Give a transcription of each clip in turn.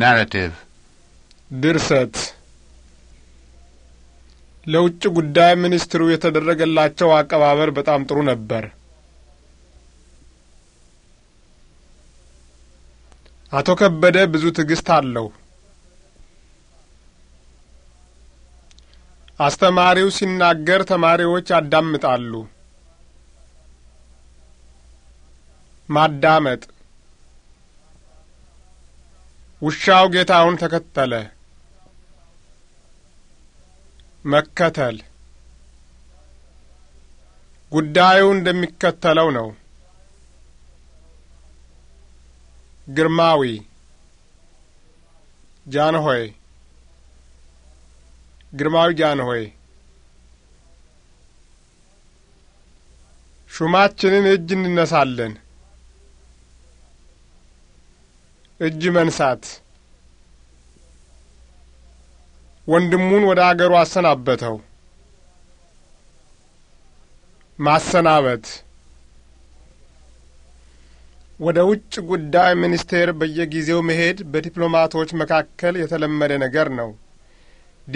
ናራቲቭ ድርሰት ለውጭ ጉዳይ ሚኒስትሩ የተደረገላቸው አቀባበር በጣም ጥሩ ነበር። አቶ ከበደ ብዙ ትዕግስት አለው። አስተማሪው ሲናገር ተማሪዎች ያዳምጣሉ። ማዳመጥ ውሻው ጌታውን ተከተለ። መከተል ጉዳዩ እንደሚከተለው ነው። ግርማዊ ጃንሆይ ግርማዊ ጃንሆይ ሹማችንን እጅ እንነሳለን። እጅ መንሳት ወንድሙን ወደ አገሩ አሰናበተው። ማሰናበት ወደ ውጭ ጉዳይ ሚኒስቴር በየጊዜው መሄድ በዲፕሎማቶች መካከል የተለመደ ነገር ነው።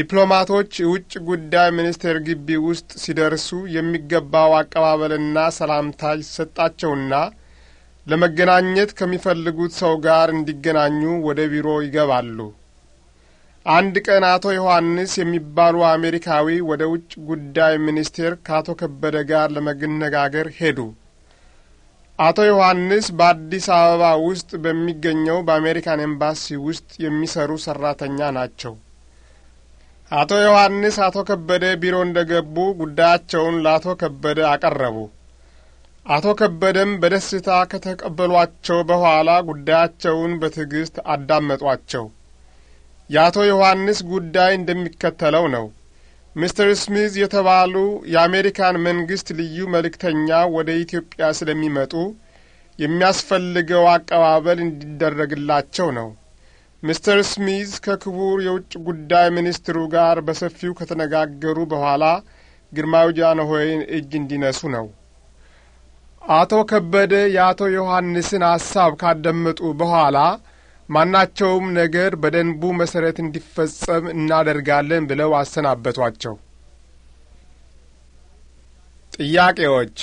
ዲፕሎማቶች የውጭ ጉዳይ ሚኒስቴር ግቢ ውስጥ ሲደርሱ የሚገባው አቀባበልና ሰላምታ ይሰጣቸውና ለመገናኘት ከሚፈልጉት ሰው ጋር እንዲገናኙ ወደ ቢሮ ይገባሉ። አንድ ቀን አቶ ዮሐንስ የሚባሉ አሜሪካዊ ወደ ውጭ ጉዳይ ሚኒስቴር ከአቶ ከበደ ጋር ለመነጋገር ሄዱ። አቶ ዮሐንስ በአዲስ አበባ ውስጥ በሚገኘው በአሜሪካን ኤምባሲ ውስጥ የሚሰሩ ሰራተኛ ናቸው። አቶ ዮሐንስ አቶ ከበደ ቢሮ እንደ ገቡ ጉዳያቸውን ለአቶ ከበደ አቀረቡ። አቶ ከበደም በደስታ ከተቀበሏቸው በኋላ ጉዳያቸውን በትዕግስት አዳመጧቸው። የአቶ ዮሐንስ ጉዳይ እንደሚከተለው ነው። ሚስተር ስሚዝ የተባሉ የአሜሪካን መንግሥት ልዩ መልእክተኛ ወደ ኢትዮጵያ ስለሚመጡ የሚያስፈልገው አቀባበል እንዲደረግላቸው ነው። ሚስተር ስሚዝ ከክቡር የውጭ ጉዳይ ሚኒስትሩ ጋር በሰፊው ከተነጋገሩ በኋላ ግርማዊ ጃንሆይን እጅ እንዲነሱ ነው። አቶ ከበደ የአቶ ዮሐንስን ሐሳብ ካዳመጡ በኋላ ማናቸውም ነገር በደንቡ መሰረት እንዲፈጸም እናደርጋለን ብለው አሰናበቷቸው። ጥያቄዎች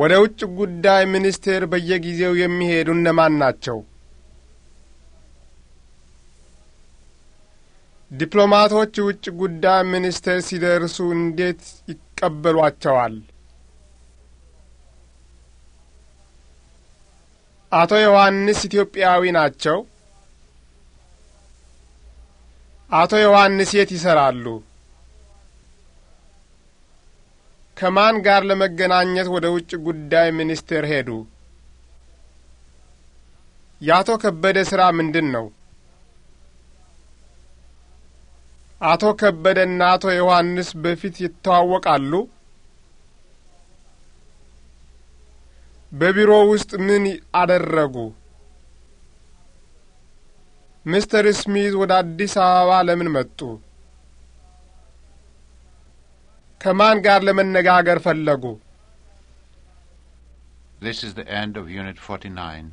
ወደ ውጭ ጉዳይ ሚኒስቴር በየጊዜው የሚሄዱ እነማን ናቸው? ዲፕሎማቶች ውጭ ጉዳይ ሚኒስቴር ሲደርሱ እንዴት ይቀበሏቸዋል? አቶ ዮሐንስ ኢትዮጵያዊ ናቸው? አቶ ዮሐንስ የት ይሰራሉ? ከማን ጋር ለመገናኘት ወደ ውጭ ጉዳይ ሚኒስቴር ሄዱ? የአቶ ከበደ ስራ ምንድን ነው? አቶ ከበደና አቶ ዮሐንስ በፊት ይተዋወቃሉ? በቢሮ ውስጥ ምን አደረጉ? ሚስተር ስሚዝ ወደ አዲስ አበባ ለምን መጡ? ከማን ጋር ለመነጋገር ፈለጉ? This is the end of Unit 49.